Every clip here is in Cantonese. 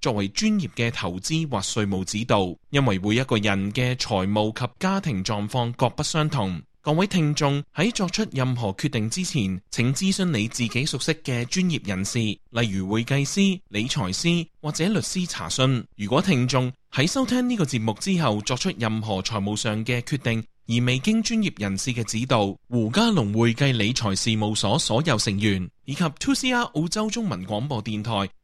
作為專業嘅投資或稅務指導，因為每一個人嘅財務及家庭狀況各不相同。各位聽眾喺作出任何決定之前，請諮詢你自己熟悉嘅專業人士，例如會計師、理財師或者律師查詢。如果聽眾喺收聽呢個節目之後作出任何財務上嘅決定，而未經專業人士嘅指導，胡嘉龍會計理財事務所所有成員以及 2CR 澳洲中文廣播電台。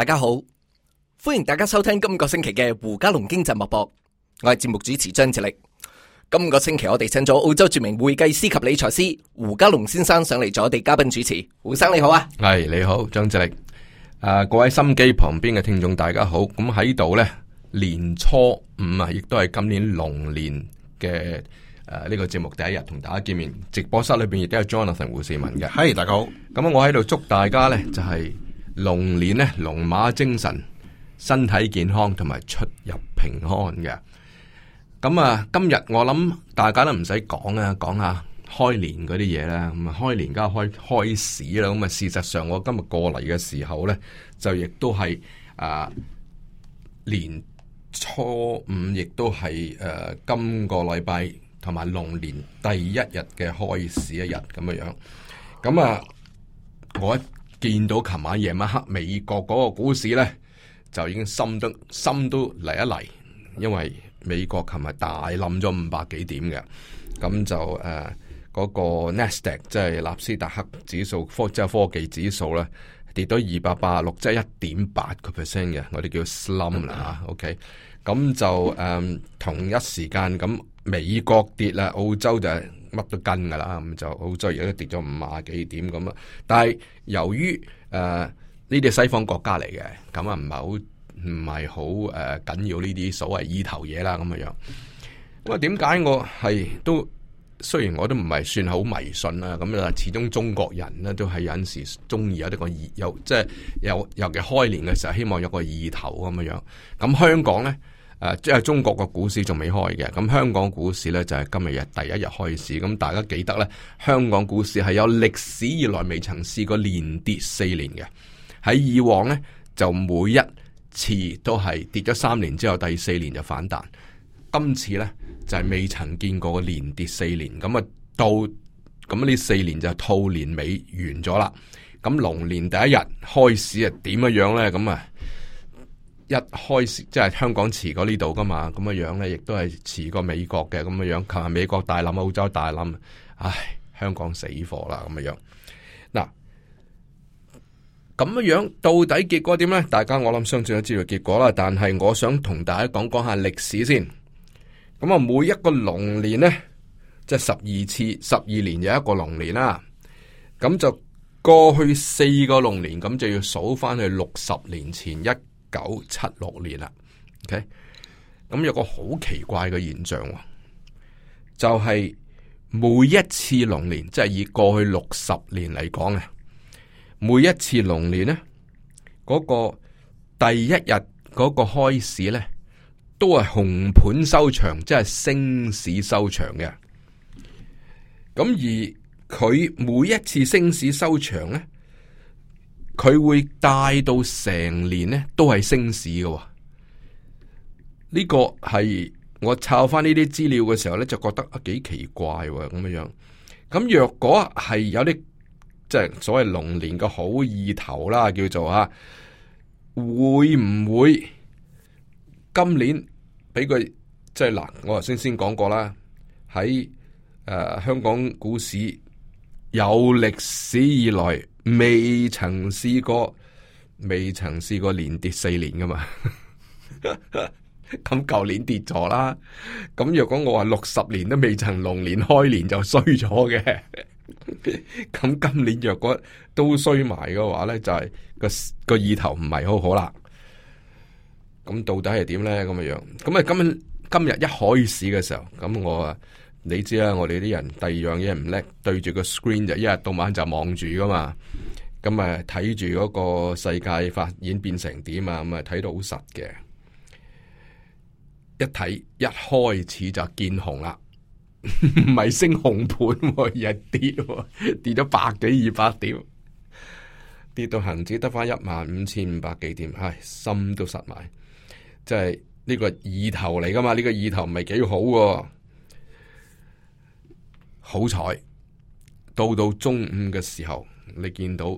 大家好，歡迎大家收聽今個星期嘅胡嘉龍經濟脈搏，我係節目主持張志力。今個星期我哋請咗澳洲著名會計師及理財師胡嘉龍先生上嚟做我哋嘉賓主持，胡生你好啊，係，你好張志力，啊，各位心機旁邊嘅聽眾大家好，咁喺度呢，年初五啊，亦都係今年龍年嘅誒呢個節目第一日同大家見面，直播室裏邊亦都有 Jonathan 胡善文嘅，係 大家好，咁我喺度祝大家呢，就係、是。龍年呢，龍馬精神，身體健康，同埋出入平安嘅。咁啊，今日我諗大家都唔使講啊，講下開年嗰啲嘢啦。咁啊，開年梗係開市啦。咁啊，事實上我今日過嚟嘅時候呢，就亦都係啊，年初五，亦都係誒今個禮拜同埋龍年第一日嘅開市一日咁嘅樣。咁啊，我。見到琴晚夜晚黑美國嗰個股市咧，就已經心都心都嚟一嚟，因為美國琴日大冧咗五百幾點嘅，咁就誒嗰、呃嗰個 Nasdaq 即係納斯達克指數科即係科技指數咧跌到二百八十六，即係一點八個 percent 嘅，我哋叫冧啦嚇，OK，咁就誒、呃、同一時間咁美國跌啦，澳洲就，乜都跟噶啦，咁就好似而家跌咗五啊幾點咁啊。但係由於誒呢啲西方國家嚟嘅，咁啊唔係好唔係好誒緊要呢啲所謂意頭嘢啦，咁樣樣。咁啊點解我係都雖然我都唔係算好迷信啦、啊，咁啊始終中國人咧都係有陣時中意有啲個意，又即係又尤其開年嘅時候，希望有個意頭咁樣樣。咁香港咧？即係、啊、中國個股市仲未開嘅咁香港股市咧就係今日嘅第一日開始。咁大家記得咧，香港股市係、就是嗯、有歷史以來未曾試過連跌四年嘅。喺以往咧，就每一次都係跌咗三年之後，第四年就反彈。今次咧就係、是、未曾見過嘅連跌四年，咁、嗯、啊到咁呢四年就兔年尾完咗啦。咁、嗯、龍年第一日開始啊，點樣咧？咁、嗯、啊？一開始即係香港，遲過呢度噶嘛？咁嘅樣咧，亦都係遲過美國嘅咁嘅樣。琴日美國大冧，澳洲大冧，唉，香港死火啦。咁嘅樣嗱，咁嘅樣到底結果點咧？大家我諗相信都知道結果啦。但係我想同大家講講下歷史先。咁啊，每一個龍年咧，即係十二次十二年有一個龍年啦。咁就過去四個龍年，咁就要數翻去六十年前一。九七六年啦，OK，咁有個好奇怪嘅現象，就係每一次龍年，即係以過去六十年嚟講啊，每一次龍年呢，嗰個第一日嗰個開市呢，都係紅盤收場，即係升市收場嘅。咁而佢每一次升市收場呢。佢會帶到成年咧，都係升市嘅、哦。呢、這個係我抄翻呢啲資料嘅時候呢，就覺得啊幾奇怪咁、哦、樣。咁、嗯、若果係有啲即係所謂龍年嘅好意頭啦，叫做啊，會唔會今年畀佢？即係嗱，我頭先先講過啦，喺誒、呃、香港股市有歷史以來。未曾試過，未曾試過連跌四年噶嘛？咁 舊年跌咗啦，咁若果我話六十年都未曾龍年開年就衰咗嘅，咁 今年若果都衰埋嘅話咧，就係、是、個個意頭唔係好好啦。咁到底係點咧？咁嘅樣，咁啊今今日一開市嘅時候，咁我啊。你知啦，啊，我哋啲人第二樣嘢唔叻，對住個 screen 就一日到晚就望住噶嘛，咁啊睇住嗰個世界發展變成點啊，咁啊睇到好實嘅。一睇一開始就見紅啦，唔 係升紅盤，啊，而係跌，啊，跌咗百幾二百點，跌到恒指得返一萬五千五百幾點，唉，心都實埋，即係呢個意頭嚟噶嘛？呢，這個意頭唔係幾好。好彩，到到中午嘅時候，你見到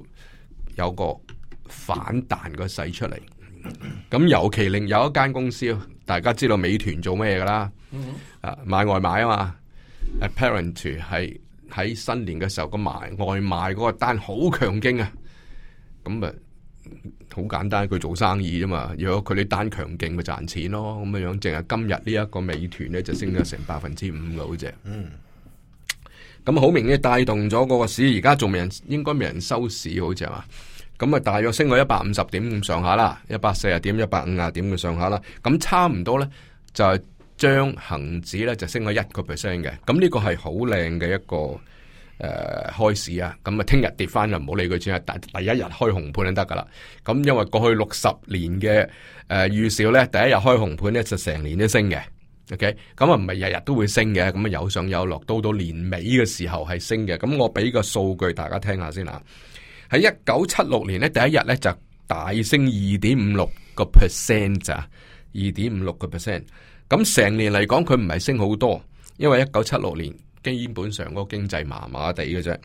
有個反彈個勢出嚟，咁尤其另有一間公司，大家知道美團做咩嘢噶啦，mm hmm. 啊買外賣啊嘛，apparent 係喺新年嘅時候咁賣外賣嗰個單好強勁啊，咁啊好簡單，佢做生意啫嘛，如果佢啲單強勁咪賺錢咯，咁樣樣，淨係今日呢一個美團咧就升咗成百分之五嘅好似。咁好明顯帶動咗個市，而家仲未人，應該未人收市，好似係嘛？咁啊，大約升咗一百五十點咁上下啦，一百四十點、一百五十點嘅上下啦。咁差唔多咧，就係將恆指咧就升咗一個 percent 嘅。咁呢個係好靚嘅一個誒開市啊。咁啊，聽日跌翻，就唔好理佢先啊。第第一日開紅盤就得噶啦。咁因為過去六十年嘅誒預兆咧，第一日開紅盤咧就成年都升嘅。O K，咁啊唔係日日都會升嘅，咁啊有上有落，到到年尾嘅時候係升嘅。咁我俾個數據大家聽下先啦。喺一九七六年咧，第一日咧就大升二點五六個 percent 咋，二點五六個 percent。咁成年嚟講，佢唔係升好多，因為一九七六年基本上嗰個經濟麻麻地嘅啫。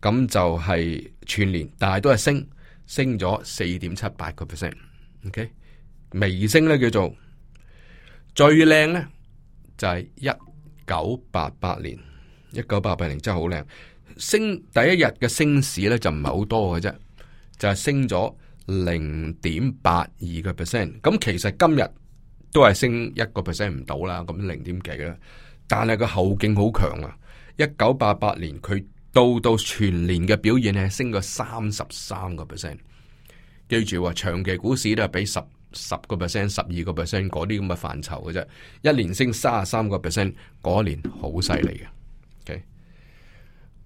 咁就係全年，但係都係升，升咗四點七八個 percent。O K，微升咧叫做最靚咧。就係一九八八年，一九八八年真係好靚，升第一日嘅升市咧就唔係好多嘅啫，就係升咗零點八二個 percent。咁其實今日都係升一個 percent 唔到啦，咁零點幾啦。但係個後勁好強啊！一九八八年佢到到全年嘅表現係升咗三十三個 percent。記住話、啊、長期股市都係，畀十。十個 percent、十二個 percent 嗰啲咁嘅範疇嘅啫，一年升三十三個 percent 嗰年好犀利嘅。OK，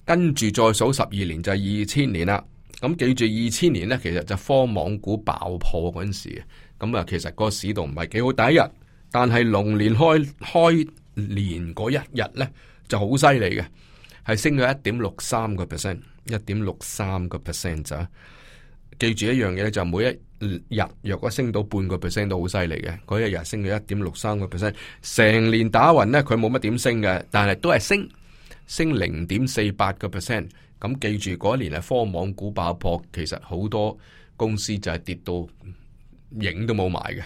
跟住再數十二年就係二千年啦。咁記住二千年呢，其實就科網股爆破嗰陣時咁啊，其實個市道唔係幾好，第一日，但係龍年開開年嗰一日呢，就好犀利嘅，係升咗一點六三個 percent，一點六三個 percent 咋？記住一樣嘢咧，就每一。日若果升到半個 percent 都好犀利嘅，嗰一日升咗一點六三個 percent。成年打勻呢，佢冇乜點升嘅，但係都係升升零點四八個 percent。咁記住嗰一年係科網股爆破，其實好多公司就係跌到影都冇埋嘅。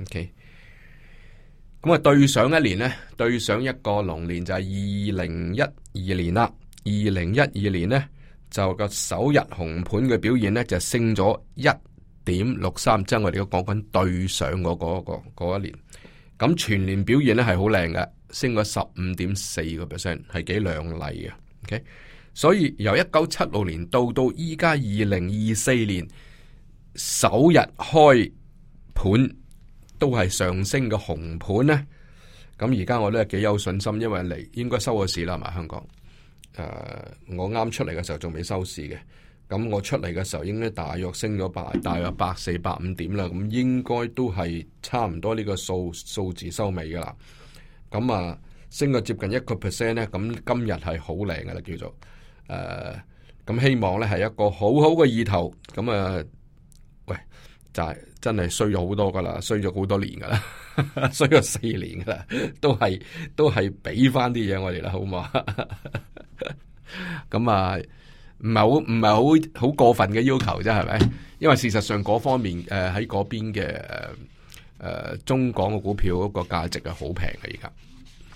OK，咁啊，對上一年呢，對上一個龍年就係二零一二年啦。二零一二年呢，就個首日紅盤嘅表現呢，就升咗一。點六三，即係我哋而家講緊對上嗰、嗰個嗰、嗰個、一年，咁全年表現咧係好靚嘅，升咗十五點四個 percent，係幾亮麗嘅。OK，所以由一九七六年到到依家二零二四年首日開盤都係上升嘅紅盤呢。咁而家我都係幾有信心，因為嚟應該收個市啦，係咪香港？誒、uh，我啱出嚟嘅時候仲未收市嘅。咁我出嚟嘅時候應該大約升咗百大約百四百五點啦，咁應該都係差唔多呢個數數字收尾噶啦。咁啊升咗接近一個 percent 咧，咁今日係好靚噶啦，叫做誒，咁、呃、希望咧係一個好好嘅意頭。咁啊，喂，就係、是、真係衰咗好多噶啦，衰咗好多年噶啦，衰 咗四年噶啦，都係都係俾翻啲嘢我哋啦，好嘛？咁 啊。唔係好唔係好好過分嘅要求啫，係咪？因為事實上嗰方面，誒喺嗰邊嘅誒中港嘅股票嗰個價值係好平嘅，而家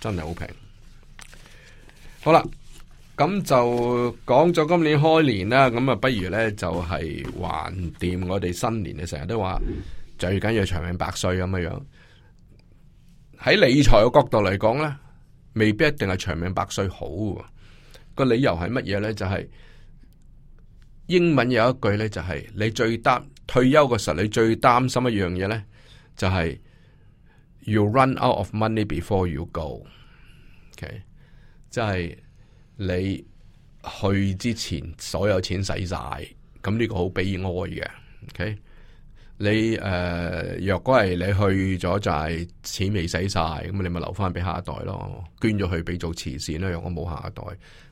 真係好平。好啦，咁就講咗今年開年啦，咁啊，不如咧就係、是、橫掂我哋新年嘅成日都話最緊要長命百歲咁樣樣。喺理財嘅角度嚟講咧，未必一定係長命百歲好。個理由係乜嘢咧？就係、是。英文有一句咧，就係、是、你最擔退休嘅時候，你最擔心一樣嘢咧，就係、是、you run out of money before you go。O.K.，即係你去之前所有錢使晒，咁呢個好悲哀嘅。O.K.，你誒、呃、若果係你去咗就係、是、錢未使晒，咁你咪留翻俾下一代咯，捐咗去俾做慈善啦，若果冇下一代，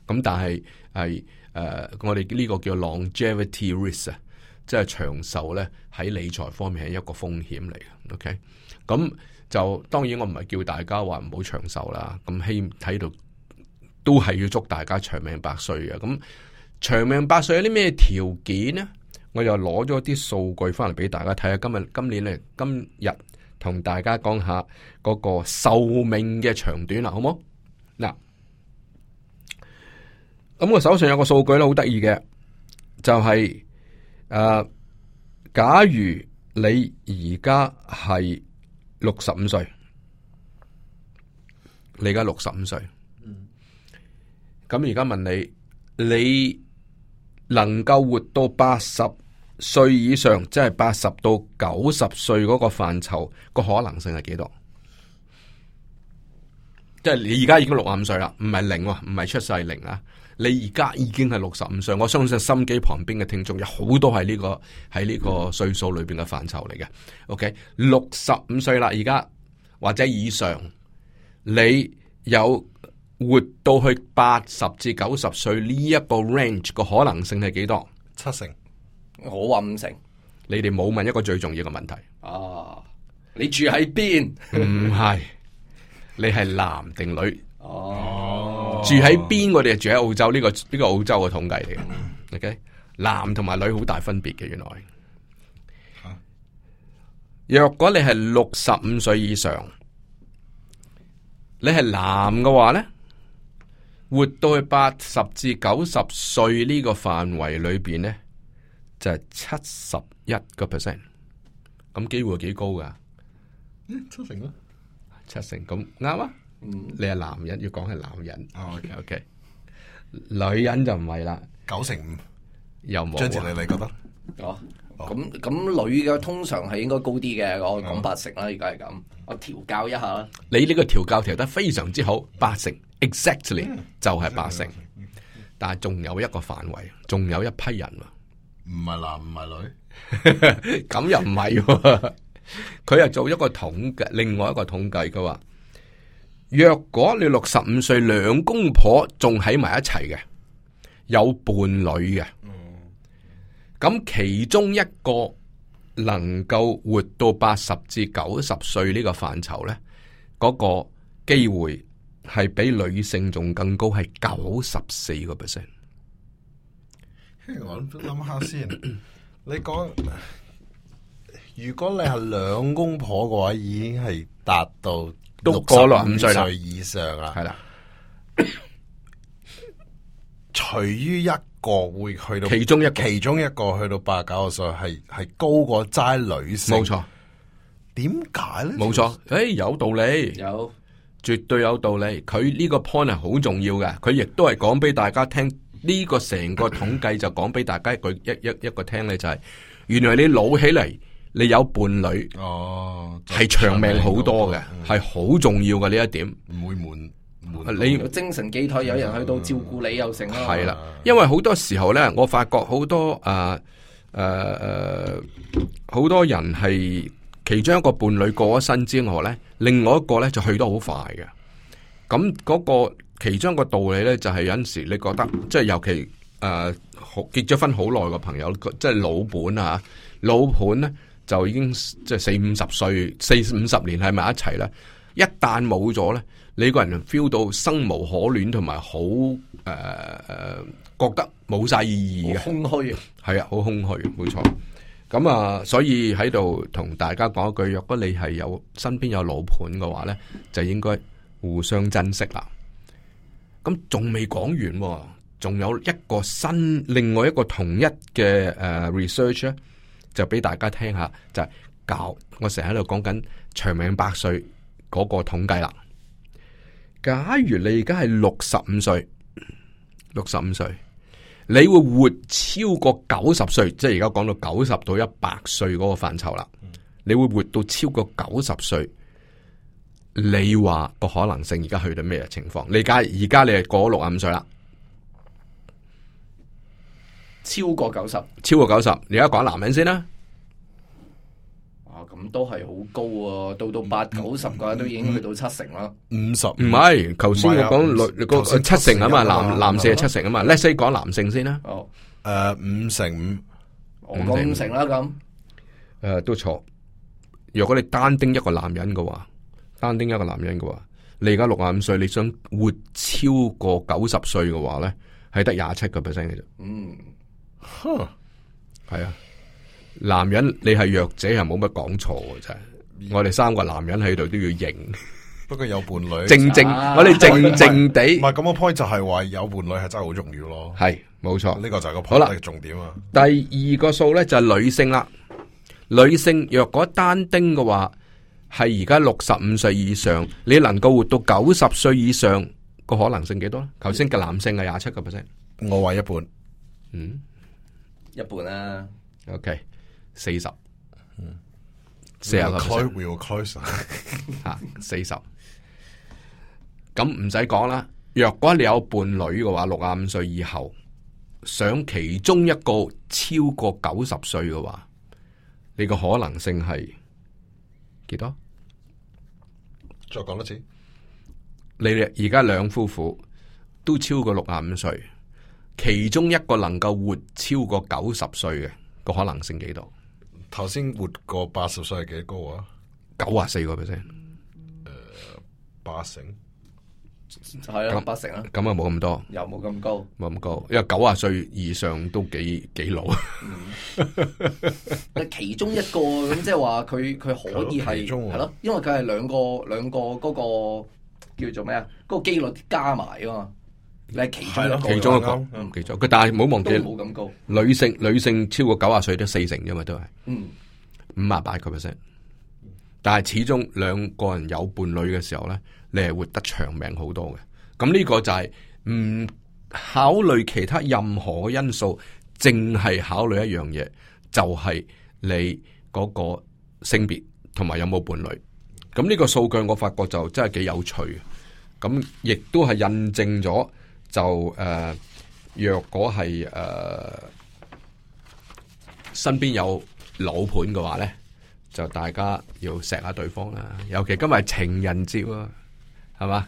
咁但係係。呃誒，uh, 我哋呢個叫 longevity risk 啊，即係長壽呢喺理財方面係一個風險嚟嘅。OK，咁就當然我唔係叫大家話唔好長壽啦，咁希喺度都係要祝大家長命百歲嘅。咁長命百歲有啲咩條件呢？我又攞咗啲數據翻嚟俾大家睇下。今日今年呢，今日同大家講下嗰個壽命嘅長短啦，好冇？咁我手上有個數據咧，好得意嘅，就係誒，假如你而家係六十五歲，你而家六十五歲，嗯，咁而家問你，你能夠活到八十歲以上，即係八十到九十歲嗰個範疇，個可能性係幾多？即係你而家已經六十五歲啦，唔係零啊，唔係出世零啊。你而家已經係六十五歲，我相信心機旁邊嘅聽眾有好多係呢個喺呢個歲數裏邊嘅範疇嚟嘅。OK，六十五歲啦，而家或者以上，你有活到去八十至九十歲呢一個 range 嘅可能性係幾多？七成，我話五成。你哋冇問一個最重要嘅問題啊！你住喺邊？唔係，你係男定女？哦、啊。住喺邊？我哋住喺澳洲呢個呢個澳洲嘅統計嚟嘅，OK 男同埋女好大分別嘅原來。若果你係六十五歲以上，你係男嘅話咧， 活到去八十至九十歲呢個範圍裏邊咧，就係七十一個 percent，咁機會幾高噶？七成咯、啊，七成咁啱？啊？你係男人，要講係男人。O K O K，女人就唔係啦，九成五又冇。張志麗你覺得？哦、oh, oh.，咁咁女嘅通常係應該高啲嘅，我講八成啦，而家係咁。我調教一下啦。你呢個調教調得非常之好，八成，exactly、mm. 就係八成。但係仲有一個範圍，仲有一批人啊，唔係男唔係女，咁又唔係。佢又做一個統計，另外一個統計佢話。若果你六十五歲兩公婆仲喺埋一齊嘅，有伴侶嘅，咁其中一個能夠活到八十至九十歲呢個範疇咧，嗰個機會係比女性仲更高，係九十四個 percent。我諗下先， 你講，如果你係兩公婆嘅話，已經係達到。都六、十、五歲以上啊，係啦的。除于 一個會去到其中一其中一個去到八九十歲，係係高過齋女士。冇錯錯，點解咧？冇錯錯，誒、哎，有道理，有絕對有道理。佢呢個 point 係好重要嘅，佢亦都係講俾大家聽。呢、這個成個統計就講俾大家一句， 一一一,一,一,一,一,一個聽咧，就係、是、原來你老起嚟。你有伴侶，哦，係長命好多嘅，係好、嗯、重要嘅呢一點。唔會悶，你精神寄託，有人去到照顧你又成咯。係啦，因為好多時候咧，我發覺好多誒誒誒，好、呃呃呃、多人係其中一個伴侶過咗身之外咧，另外一個咧就去得好快嘅。咁嗰個其中一個道理咧，就係、是，有陣時你覺得，即、就、係、是、尤其誒、呃、結咗婚好耐嘅朋友，即、就、係、是、老伴啊，老伴咧。就已經即係四五十歲，四五十年喺埋一齊咧。一旦冇咗呢，你個人能 feel 到生無可戀，同埋好誒覺得冇晒意義嘅，空虛係啊，好空虛，冇錯。咁啊，所以喺度同大家講一句：若果你係有身邊有老伴嘅話呢，就應該互相珍惜啦。咁仲未講完，仲有一個新，另外一個同一嘅誒、呃、research 咧。就俾大家聽下，就係、是、教我成日喺度講緊長命百歲嗰個統計啦。假如你而家係六十五歲，六十五歲，你會活超過九十歲，即係而家講到九十到一百歲嗰個範疇啦。你會活到超過九十歲，你話個可能性而家去到咩情況？你而家你係過咗六十五歲啦。超過九十，超過九十，你而家講男人先啦。啊，咁都係好高啊！到到八九十個人都已經去到七成啦。五十唔係，頭先我講女七成啊嘛，男男性係七成啊嘛。Let’s say，講男性先啦。哦，誒，五成五，我講五成啦咁。誒，都錯。如果你單丁一個男人嘅話，單丁一個男人嘅話，你而家六十五歲，你想活超過九十歲嘅話咧，係得廿七個 percent 嘅啫。嗯。哼，係 啊，男人你係弱者係冇乜講錯嘅真係，我哋三個男人喺度都要認， 不過有伴侶，靜靜正、啊、我哋靜靜地，唔係咁個 point 就係話有伴侶係真係好重要咯，係冇錯，呢個就係個 point，係重點啊。第二個數咧就係、是、女性啦，女性若果單丁嘅話，係而家六十五歲以上，你能夠活到九十歲以上個可能性幾多咧？頭先嘅男性係廿七個 percent，我話一半，嗯。一半啦、啊，OK，四十、嗯，四十 close，will close 四十、 啊，咁唔使講啦。若果你有伴侶嘅話，六十五歲以後，想其中一個超過九十歲嘅話，你個可能性係幾多？再講多次，你哋而家兩夫婦都超過六十五歲。其中一個能夠活超過九十歲嘅個可能性幾多？頭先活過八十歲係幾高啊？九啊四 percent，誒，八成係、啊、啦，八成啦，咁啊冇咁多，又冇咁高，冇咁高，因為九啊歲以上都幾幾老、啊。 其中一個咁即係話，佢佢可以係係咯，因為佢係兩個兩個嗰、那個叫做咩啊？嗰、那個機率加埋啊嘛。係其中一個，的其中佢但係唔好忘記，女性女性超過九啊歲得四成啫嘛，都係嗯五啊八個 percent。但係始終兩個人有伴侶嘅時候咧，你係活得長命好多嘅。咁呢個就係唔考慮其他任何嘅因素，淨係考慮一樣嘢，就係、是、你嗰個性別同埋有冇伴侶。咁呢個數據我發覺就真係幾有趣嘅。咁亦都係印證咗。就誒、呃，若果係誒身邊有老伴嘅話咧，就大家要錫下對方啦。尤其今日係情人節啊，係嘛？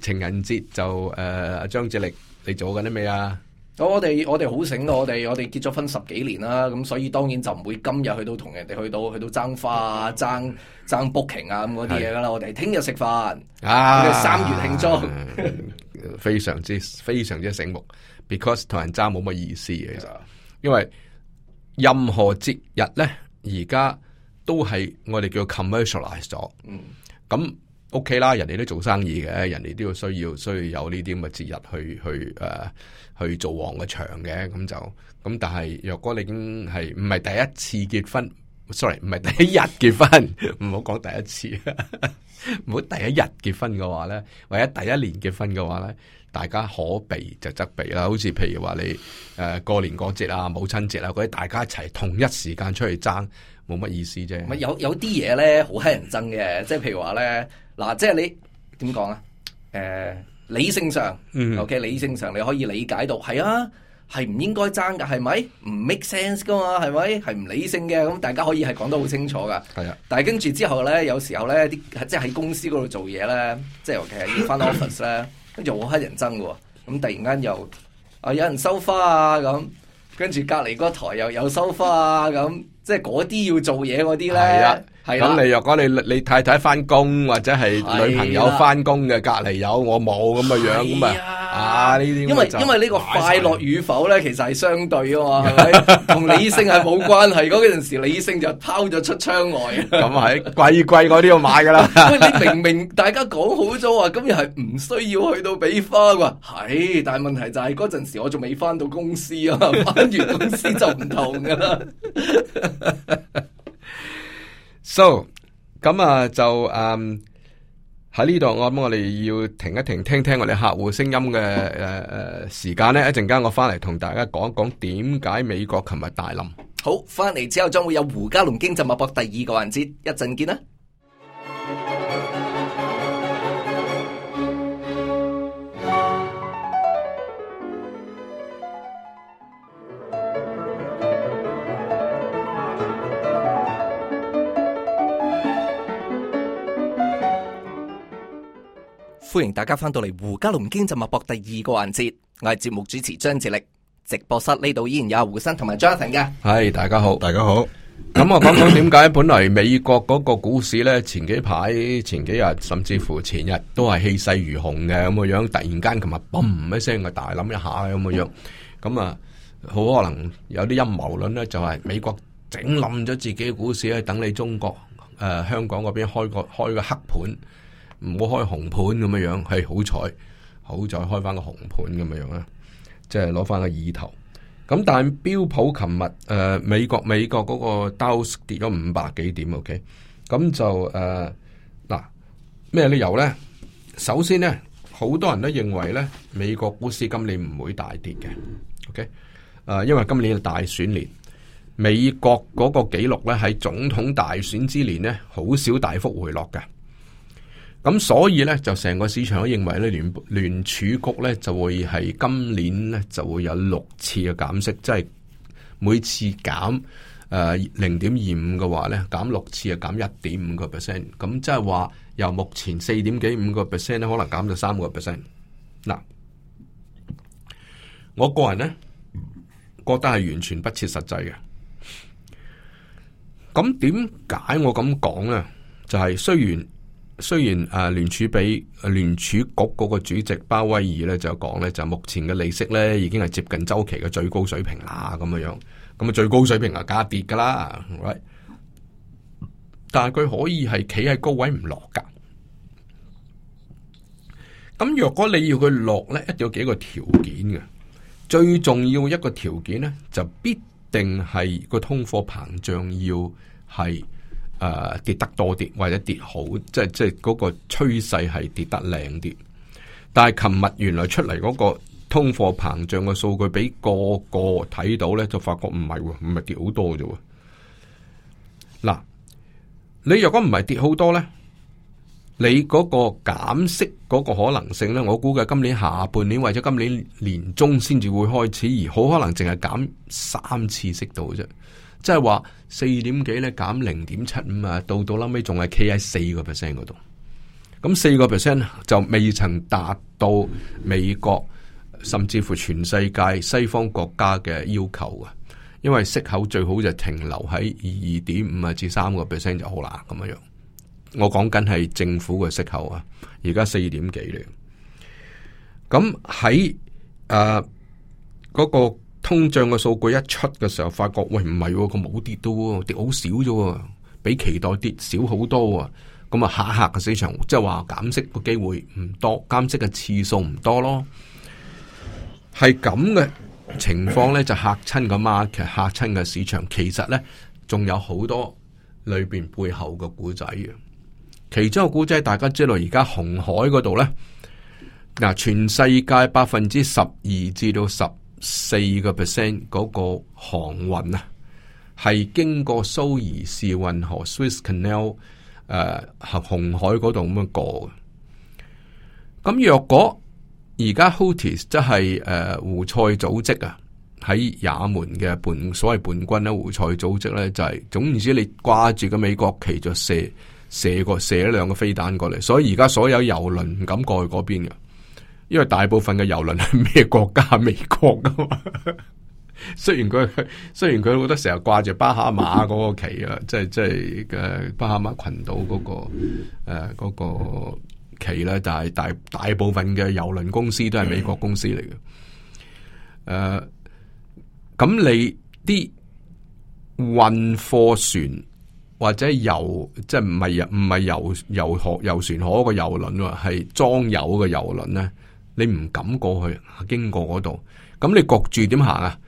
情人節就阿、呃、張智力，你做緊啲咩啊？我哋我哋好醒，我哋我哋結咗婚十幾年啦，咁所以當然就唔會今日去到同人哋去到去到爭花爭爭 booking 啊咁嗰啲嘢㗎啦。是我哋聽日食飯，三、啊、月慶祝。啊 非常之非常之醒目，Because 同人爭冇乜意思嘅，其實的，因為任何節日咧，而家都係我哋叫做 commercialize 咗，嗯，咁 OK 啦，人哋都做生意嘅，人哋都要需要需要有呢啲咁嘅節日去去誒、uh, 去做旺嘅場嘅，咁就咁，但係若果你已經係唔係第一次結婚。Sorry，唔係第一日結婚，唔好講第一次，唔 好第一日結婚嘅話咧，或者第一年結婚嘅話咧，大家可避就則避啦。好似譬如話你誒、呃、過年過節啊、母親節啊嗰啲，大家一齊同一時間出去爭，冇乜意思啫。係有有啲嘢咧，好乞人憎嘅，即係譬如話咧，嗱，即係你點講啊？誒、呃，理性上，嗯，OK，理性上你可以理解到係啊。係唔應該爭噶，係咪唔 make sense 噶嘛？係咪係唔理性嘅？咁大家可以係講得好清楚噶。係啊的，但係跟住之後呢，有時候呢，啲即係喺公司嗰度做嘢呢，即係尤其係要翻 office 呢，跟住好乞人憎嘅喎。咁突然間又啊有人收花啊咁，跟住隔離嗰台又有收花啊咁，即係嗰啲要做嘢嗰啲呢。係咁，你若果你你太太翻工或者係女朋友翻工嘅，隔籬有我冇咁嘅樣咁的啊啊呢啲因為、就是、因為呢個快樂與否咧，其實係相對啊嘛，係咪同理性係冇關係？嗰陣時理性就拋咗出窗外。咁係貴貴嗰啲要買噶啦。喂， 你明明大家講好咗話，今日係唔需要去到俾花啩？係，但係問題就係嗰陣時我仲未翻到公司啊，翻 完公司就唔同噶啦。 so 咁啊就誒喺呢度，我諗我哋要停一停，聽聽我哋客戶聲音嘅誒誒時間咧，一陣間我翻嚟同大家講一講點解美國琴日大冧。好，翻嚟之後將會有胡嘉龍經濟脈搏第二個環節，一陣見啦。歡迎大家翻到嚟《胡嘉龍經濟脈搏》第二個環節，我係節目主持張智力。直播室呢度依然有胡生同埋張一婷嘅。係、hey, 大家好，大家好。咁 我講講點解本嚟美國嗰個股市咧，前幾排、前幾日甚至乎前日都係氣勢如虹嘅咁嘅樣，突然間琴日嘣一聲嘅大諗一下咁嘅樣，咁啊好可能有啲陰謀論咧，就係美國整冧咗自己嘅股市，去等你中國誒、呃、香港嗰邊開個開個黑盤。唔好開紅盤咁樣樣，係好彩，好彩開翻個紅盤咁樣樣啦，即係攞翻個意頭。咁但係標普琴日誒，美國美國嗰個道斯跌咗五百幾點？OK，咁就誒嗱咩理由咧？首先咧，好多人都認為咧，美國股市今年唔會大跌嘅。OK，誒、呃，因為今年係大選年，美國嗰個紀錄咧喺總統大選之年咧，好少大幅回落嘅。咁所以呢，就成個市場都認為咧，聯聯儲局呢，就會係今年呢，就會有六次嘅減息，即係每次減誒零點二五嘅話呢減六次啊減一點五個 percent，咁即係話由目前四點幾五個 percent 咧，可能減到三個 percent。嗱，我個人呢，覺得係完全不切實際嘅。咁點解我咁講咧？就係雖然。雖然誒，聯儲比聯儲局嗰個主席鮑威爾咧就講咧，就目前嘅利息咧已經係接近周期嘅最高水平啦，咁嘅樣，咁啊最高水平啊，加跌噶啦，Right? 但係佢可以係企喺高位唔落噶。咁若果你要佢落咧，一定要有幾個條件嘅，最重要一個條件咧，就必定係個通貨膨脹要係。誒、呃，跌得多啲，或者跌好，即係即係嗰個趨勢係跌得靚啲。但係琴日原來出嚟嗰個通貨膨脹嘅數據俾個個睇到咧，就發覺唔係喎，唔係跌好多啫。嗱，你若果唔係跌好多咧，你嗰個減息嗰個可能性咧，我估計今年下半年或者今年年中先至會開始，而好可能淨係減三次息到啫。即係話四點幾咧，減零點七五啊，到到拉尾仲係企喺四個 percent 嗰度。咁四個 percent 就未曾達到美國甚至乎全世界西方國家嘅要求啊！因為息口最好就停留喺二點五啊至三個 percent 就好啦，咁樣樣。我講緊係政府嘅息口啊，而家四點幾咧。咁喺誒嗰個。通脹嘅數據一出嘅時候，發覺喂唔係，佢冇、啊、跌到，跌好少啫，比期待跌少好多啊！咁啊嚇嚇嘅市場，即係話減息嘅機會唔多，減息嘅次數唔多咯。係咁嘅情況呢，就嚇親個 market，其實嚇親嘅市場，其實呢，仲有好多裏邊背後嘅故仔。其中個故仔，大家知道而家紅海嗰度呢，嗱全世界百分之十二至到十四個 percent 嗰個航運啊，係經過蘇伊士運河 （Swiss Canal） 誒、呃、紅海嗰度咁樣過嘅。咁、嗯、若果而家 Houthis 即、就、係、是、誒胡、呃、塞組織啊，喺也門嘅叛所謂叛軍咧，胡塞組織咧就係、是、總言之，你掛住個美國旗就射過射個射咗兩個飛彈過嚟，所以而家所有遊輪唔敢過去嗰邊嘅。因為大部分嘅郵輪係咩國家？美國㗎嘛 雖？雖然佢雖然佢好多成日掛住巴哈馬嗰個旗啊，即係即係嘅巴哈馬群島嗰、嗰個誒、呃嗰個旗咧、啊，但係大大部分嘅郵輪公司都係美國公司嚟嘅。誒、呃，咁你啲運貨船或者油，即係唔係唔係油油可油船河嘅郵輪啊，係裝油嘅郵輪咧？你唔敢過去經過嗰度，咁你焗住點行啊？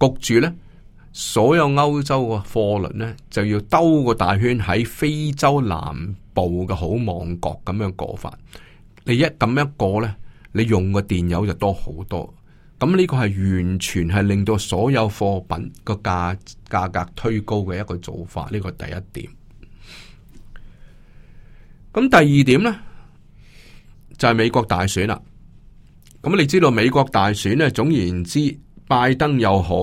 焗住呢，所有歐洲個貨輪呢，就要兜個大圈喺非洲南部嘅好望角咁樣過法。你一咁樣過呢，你用個電油就多好多。咁呢個係完全係令到所有貨品個價價格推高嘅一個做法。呢、這個第一點。咁第二點呢，就係、是、美國大選啦。咁、嗯，你知道美國大選咧？總言之，拜登又好，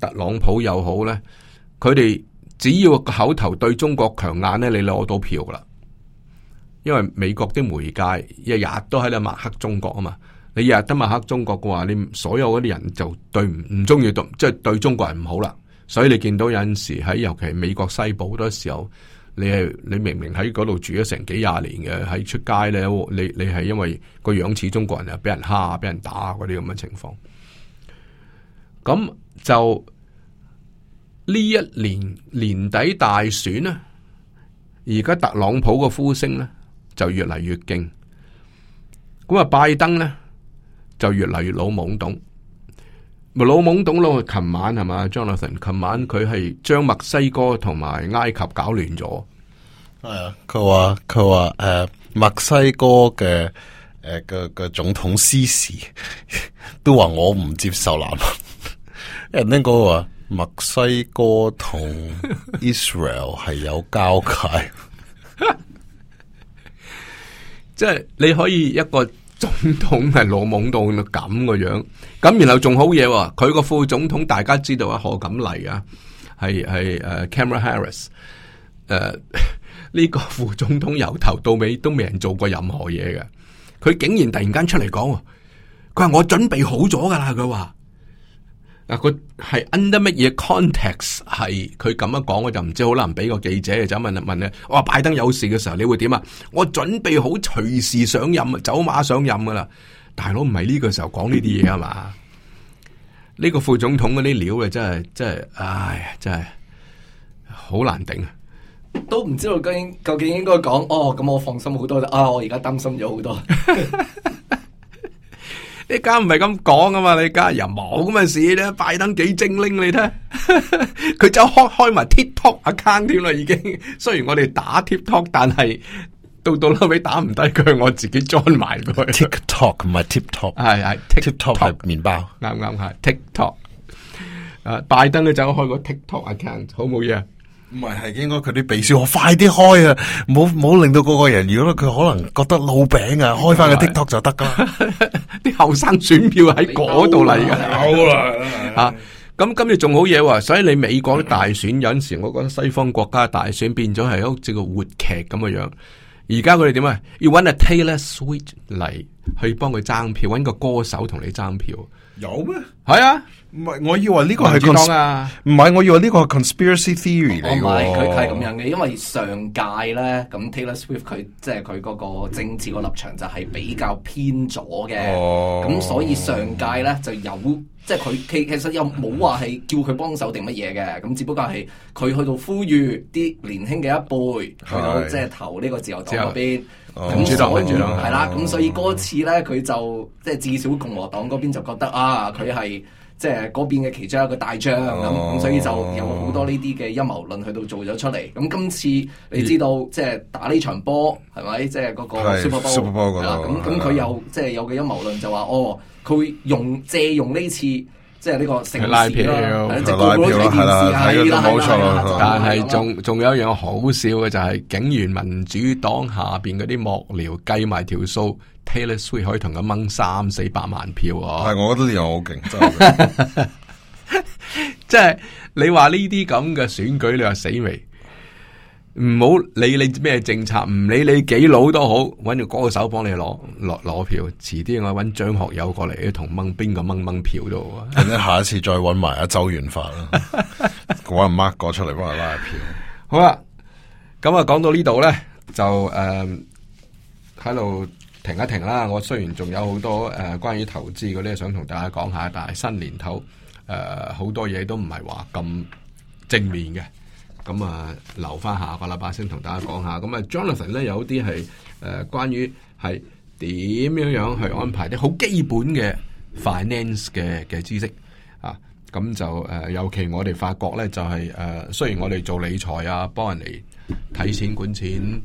特朗普又好咧，佢哋只要個口頭對中國強硬咧，你攞到票啦。因為美國啲媒介日日都喺度抹黑中國啊嘛，你日日都抹黑中國嘅話，你所有嗰啲人就對唔唔中意對，即係、就是、對中國人唔好啦。所以你見到有陣時喺尤其美國西部好多時候。你係，你明明喺嗰度住咗成幾廿年嘅，喺出街咧，你你係因為個樣似中國人就俾人蝦、俾人打嗰啲咁嘅情況。咁就呢一年年底大選啊，而家特朗普個呼聲咧就越嚟越勁，咁啊拜登咧就越嚟越老懵懂。咪老懵懂咯！琴晚係嘛，Jonathan，琴晚佢係將墨西哥同埋埃及搞亂咗。係啊、哎，佢話佢話，誒，uh, 墨西哥嘅誒嘅嘅總統施事 都話我唔接受南啦。 人哋嗰個話墨西哥同 Israel 係 有交界 即係你可以一個。總統係裸懵到咁個樣，樣，咁然後仲好嘢，佢、啊 uh, uh, 個副總統大家知道啊，賀錦麗啊，係係誒，Kamala Harris，誒呢個副總統由頭到尾都未人做過任何嘢嘅，佢竟然突然間出嚟講，佢話我準備好咗噶啦，佢話。嗱，佢係、啊、under 乜嘢 context 係佢咁樣講，我就唔知，好難俾個記者就去問一問咧我話拜登有事嘅時候，你會點啊？我準備好隨時上任，走馬上任噶啦。大佬唔係呢個時候講呢啲嘢啊嘛？呢、呢個副總統嗰啲料啊，真係真係，唉，真係好難頂啊！都唔知道究竟究竟應該講，哦，咁我放心好多啦，哦，我而家擔心咗好多。 依家唔係咁講啊嘛，你家又冇咁嘅事咧。拜登幾精靈你睇，佢就開開埋 TikTok account 添啦，已經。雖然我哋打 TikTok，但係到到後尾打唔低佢，我自己 join 埋佢。TikTok 唔係 Tip Top 係係 TikTok 係麵包，啱啱係 TikTok。啊，拜登佢走開個 TikTok account，好冇嘢。唔係，係應該佢啲秘書我快啲開啊！冇冇令到個個人，如果佢可能覺得老餅啊，開翻個 TikTok 就得噶啦。啲後生選票喺嗰度嚟噶， 有啦了啊！咁今日仲好嘢喎，所以你美國啲大選有陣時，我覺得西方國家大選變咗係好似個活劇咁嘅樣。而家佢哋點啊？要搵個 Taylor Swift 嚟去幫佢爭票，搵個歌手同你爭票，有咩嗎？係啊！唔係、啊，我以為呢個係 con 唔係，我以為呢個 conspiracy theory 唔係。佢係咁樣嘅，因為上屆咧，咁 Taylor Swift 佢即係佢嗰個政治個立場就係比較偏左嘅。咁、哦、所以上屆咧就有，即係佢其其實又冇話係叫佢幫手定乜嘢嘅。咁只不過係佢去到呼籲啲年輕嘅一輩去到是即係投呢個自由黨嗰邊。民主黨跟住兩派啦。咁、哦、所以嗰以次咧，佢就即係至少共和黨嗰邊就覺得啊，佢係。即係嗰邊嘅其中一個大將咁，所以就有好多呢啲嘅陰謀論去到做咗出嚟。咁今次你知道即係打呢場波係咪？即係嗰個波波，咁咁佢有即係有嘅陰謀論就話，哦，佢用借用呢次即係呢個城市啦，拉票啦，係啦，係啦，冇錯。但係仲仲有一樣好笑嘅就係警員民主黨下邊嗰啲幕僚計埋條數。Taylor Swift 可以同佢掹三四百萬票啊！係，我覺得有好勁，真係。即係你話呢啲咁嘅選舉，你話死未？唔好理你咩政策，唔理你幾老都好，揾個歌手幫你攞攞票。遲啲我揾張學友過嚟同掹邊個掹掹票都好，啊。咁 啊，下一次再揾埋阿周潤發啦，嗰個 mark 哥出嚟幫佢拉票。好啦，咁啊，講到呢度咧，就誒喺度。呃停一停啦！我雖然仲有好多誒、呃、關於投資嗰啲想同大家講下，但係新年頭誒好、呃、多嘢都唔係話咁正面嘅。咁、嗯、啊留翻下個禮拜先同大家講下。咁、嗯、啊 Jonathan 咧，有啲係誒關於係點樣樣去安排啲好基本嘅 finance 嘅嘅知識啊。咁就誒、呃、尤其我哋發覺咧就係、是、誒、呃、雖然我哋做理財啊，幫人嚟睇錢管錢。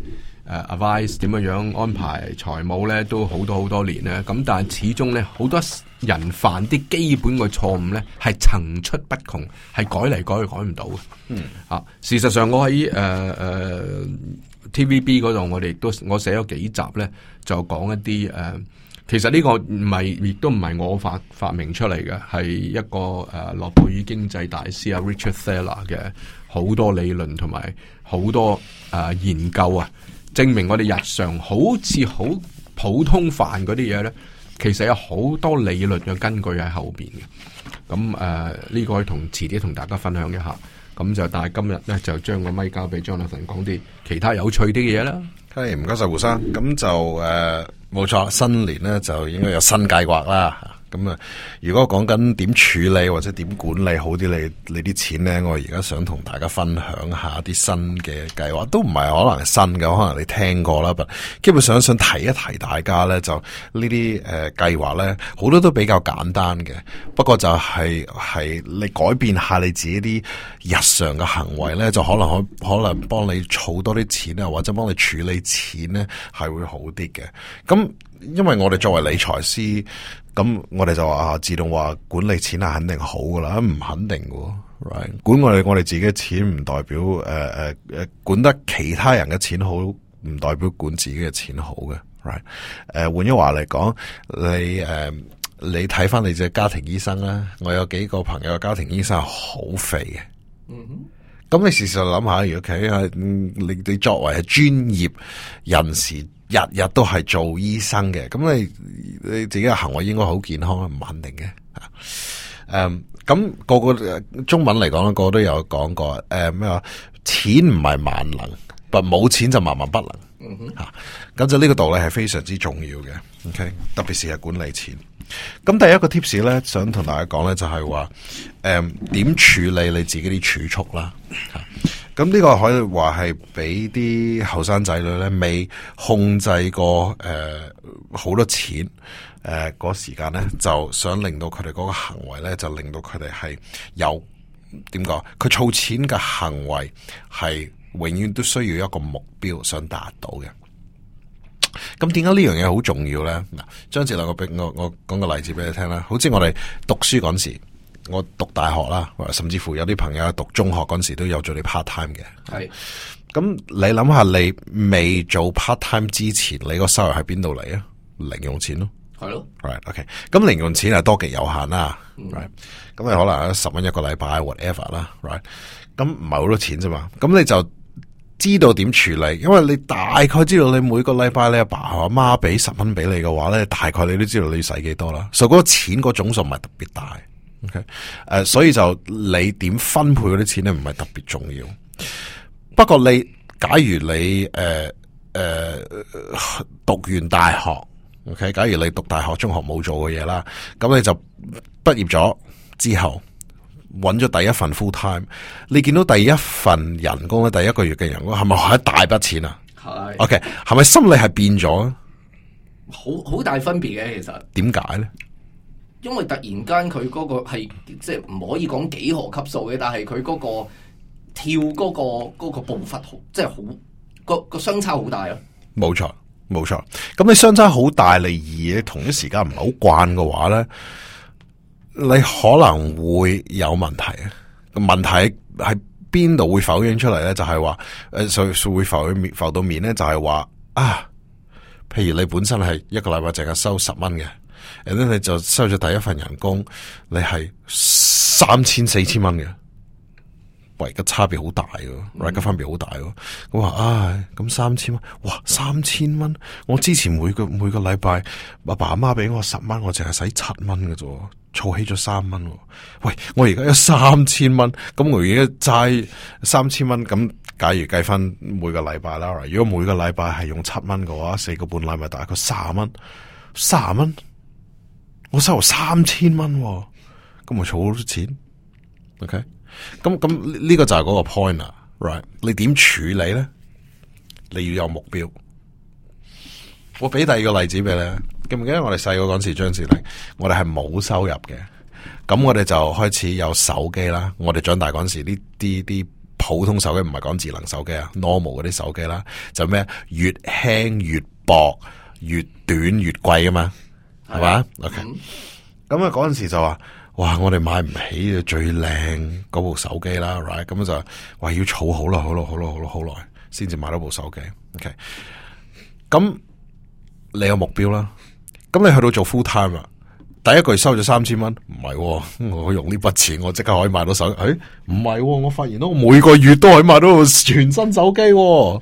誒、uh,，advice 點樣樣安排財務咧，都好多好多年咧。咁但係始終咧，好多人犯啲基本嘅錯誤咧，係層出不窮，係改嚟改去改唔到嘅。嗯，啊，事實上我喺誒誒、呃呃、T V B 嗰度，我哋亦都我寫咗幾集咧，就講一啲誒、呃，其實呢個唔係亦都唔係我發發明出嚟嘅，係一個誒，諾貝爾經濟大師啊 Richard Thaler 嘅好多理論同埋好多誒、呃、研究啊。證明我哋日常好似好普通飯嗰啲嘢咧，其實有好多理論嘅根據喺後邊嘅。咁誒，呢、呃這個可以同遲啲同大家分享一下。咁就但係今日咧，就將個咪交俾 Jonathan 講啲其他有趣啲嘅嘢啦。係唔該晒，胡生。咁就誒，冇錯，新年咧就應該有新計劃啦。咁啊！如果講緊點處理或者點管理好啲，你你啲錢呢？我而家想同大家分享下啲新嘅計劃，都唔係可能係新嘅，可能你聽過啦。但基本上想提一提大家呢，就呢啲誒計劃呢，好多都比較簡單嘅。不過就係係你改變下你自己啲日常嘅行為呢，就可能可可能幫你儲多啲錢啊，或者幫你處理錢呢，係會好啲嘅。咁。因為我哋作為理財師，咁我哋就話自動話管理錢係肯定好噶啦，唔肯定嘅，right? 管我哋我哋自己嘅錢唔代表誒誒誒管得其他人嘅錢好，唔代表管自己嘅錢好嘅。誒、right? 呃，換一句話嚟講，你誒、呃、你睇翻你隻家庭醫生啦，我有幾個朋友嘅家庭醫生係好肥嘅，嗯哼、mm，咁、hmm. 你事實諗下，如果企係你你作為係專業人士，日日都係做醫生嘅，咁你你自己嘅行為應該好健康，唔肯定嘅。誒、嗯、咁、那個個中文嚟講，個個都有講過，誒咩話？錢唔係萬能，但冇錢就萬萬不能。吓、啊，咁就呢個道理係非常之重要嘅。OK，特別是係管理錢。咁第一個 tips 咧，想同大家講咧、就是，就係話，誒，點處理你自己啲儲蓄啦？啊咁呢個可以話係俾啲後生仔女咧未控制過誒好、呃、多錢誒嗰、呃嗰個、時間咧，就想令到佢哋嗰個行為咧，就令到佢哋係有點講，佢儲錢嘅行為係永遠都需要一個目標想達到嘅。咁點解呢樣嘢好重要咧？嗱，張志立，我俾我我講個例子俾你聽啦。好似我哋讀書嗰時。我讀大學啦，甚至乎有啲朋友讀中學嗰陣時都有做啲 part time 嘅。係，咁，嗯，你諗下，你未做 part time 之前，你個收入喺邊度嚟啊？零用錢咯。係咯，right，ok。咁 right, okay. 零用錢係多極有限啦，嗯，right。咁你可能十蚊一個禮拜，whatever 啦，right。咁唔係好多錢啫嘛。咁你就知道點處理，因為你大概知道你每個禮拜你阿爸阿媽俾十蚊俾你嘅話咧，大概你都知道你要使幾多啦。所以嗰個錢個總數唔係特別大。OK，誒、uh,，所以就你點分配嗰啲錢咧，唔係特別重要。不過你假如你誒誒、呃呃、讀完大學，OK，假如你讀大學、中學冇做嘅嘢啦，咁你就畢業咗之後，揾咗第一份 full time，你見到第一份人工咧，第一個月嘅人工係咪係一大筆錢啊？係是 OK，係咪心理係變咗？好好是大分別嘅，其實點解咧？因為突然間佢嗰個係即係唔可以講幾何級數嘅，但係佢嗰個跳嗰、嗰個、嗰個步伐好，即係好個個相差好大咯。冇錯，冇錯。咁你相差好大，你而嘅同一時間唔係好慣嘅話咧，你可能會有問題啊。問題喺邊度會浮現出嚟咧？就係話誒，就、呃、會浮到面，浮到面咧，就係話啊。譬如你本身係一個禮拜淨係收十蚊嘅。誒，咧你就收咗第一份人工，你係三千四千蚊嘅，喂，而家差別好大嘅，而家個分別好大咯。我話唉，咁三千蚊，哇，三千蚊！我之前每個每個禮拜，爸媽我爸阿媽俾我十蚊，我淨係使七蚊嘅啫，儲起咗三蚊。喂，我而家有三千蚊，咁我而家齋三千蚊。咁假如計翻每個禮拜啦，如果每個禮拜係用七蚊嘅話，四個半禮拜大概卅蚊，卅蚊。我收三千蚊，咁咪儲好多錢？OK，咁咁呢個就係嗰個 point 啦，right？你點處理咧？你要有目標。我俾第二個例子俾你，記唔記得我哋細個嗰時張士玲？我哋係冇收入嘅，咁我哋就開始有手機啦。我哋長大嗰時，呢啲啲普通手機唔係講智能手機啊，normal 嗰啲手機啦，就咩越輕越薄，越短越貴啊嘛。係嘛？咁啊，嗰、okay. 陣、嗯、時就話，哇！我哋買唔起最靚嗰部手機啦，right？咁就話要儲好耐，好耐，好耐，好耐，好耐先至買到部手機。OK？咁你有目標啦。咁你去到做 full time 啊？第一個月收咗三千蚊，唔係、哦、我用呢筆錢，我即刻可以買到手。誒、哎，唔係、哦，我發現到我每個月都可以買到全新手機、哦。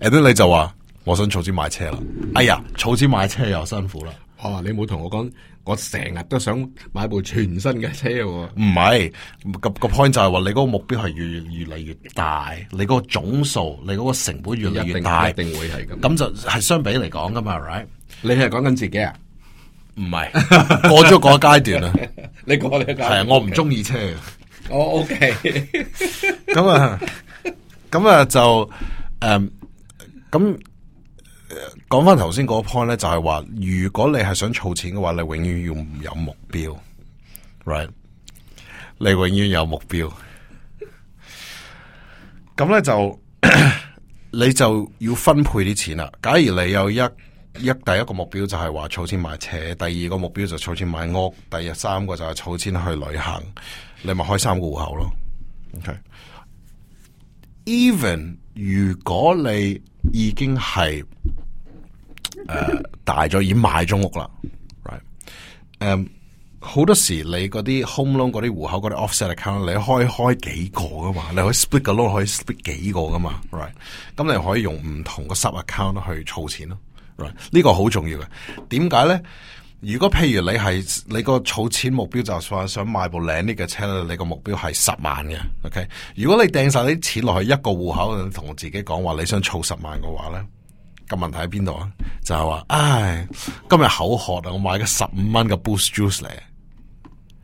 誒，咁你就話我想儲錢買車啦。哎呀，儲錢買車又辛苦啦。哦，你冇同我講，我成日都想買部全新嘅車。唔係，個 point 就係、是、話你嗰個目標係越越嚟越大，你嗰個總數，你嗰個成本越嚟越大，一定，一定會係咁。咁就係相比嚟講噶嘛，right？你係講緊自己啊？唔係過咗個階段啦。你過咗個係啊？我唔中意車。我 OK。咁啊，咁啊就誒，咁，um。講翻頭先嗰個 point 咧，就係話，如果你係想儲錢嘅話，你永遠要唔有目標，right？你永遠有目標，咁咧 Right. 就 你就要分配啲錢啦。假如你有一一第一個目標就係話儲錢買車，第二個目標就儲錢買屋，第日三個就係儲錢去旅行，你咪開三個戶口咯。OK，even Okay. 如果你已經係。誒，uh, 大咗已經買咗屋啦，right？誒，好多時你嗰啲 home loan 嗰啲戶口嗰啲 offset account，你開開幾個噶嘛？你可以 split 個 loan，可以 split 幾個噶嘛？right？咁你可以用唔同個 sub account 去儲錢咯，right？呢個好重要嘅。點解咧？如果譬如你係你個儲錢目標就算話想買部靚啲嘅車你個目標係十萬嘅。ok，如果你掟晒啲錢落去一個戶口，同自己講話你想儲十萬嘅話咧？個問題喺邊度啊？就係話，唉，今日口渴啊，我買個十五蚊嘅 Boost Juice 嚟，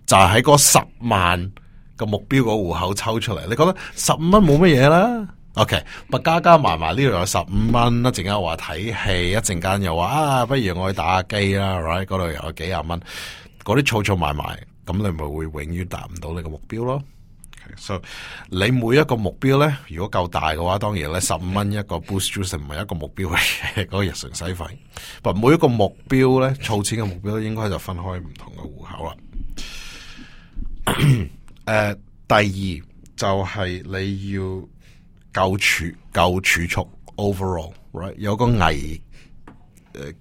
就係喺嗰十萬個目標個戶口抽出嚟。你覺得十五蚊冇乜嘢啦？OK，咪加加埋埋呢度有十五蚊，一陣間話睇戲，一陣間又話啊，不如我去打下機啦，right？嗰度又有幾十蚊，嗰啲儲儲埋埋，咁你咪會永遠達唔到你個目標咯。所以、so, 你每一個目標咧，如果夠大嘅話，當然咧，十五蚊一個 boost juice 唔係 一個目標嚟，嗰 個日常使費。不過 每一個目標咧，儲錢嘅目標都應該就分開唔同嘅戶口啦。誒， uh, 第二就係、是、你要夠儲，夠儲 蓄。overall right 有個危誒，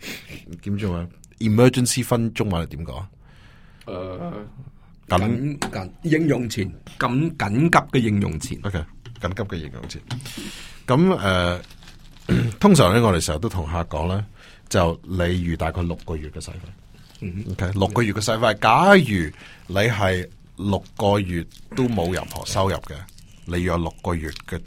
點做啊？emergency 分中文係點講？誒。Uh, uh. 咁緊應用錢，咁緊急嘅應用錢，OK，緊急嘅應用錢。咁誒，呃、 通常咧我哋成日都同客講咧，就你預大概六個月嘅使費，OK，六個月嘅使費。假如你係六個月都冇任何收入嘅，嗯、你有六個月嘅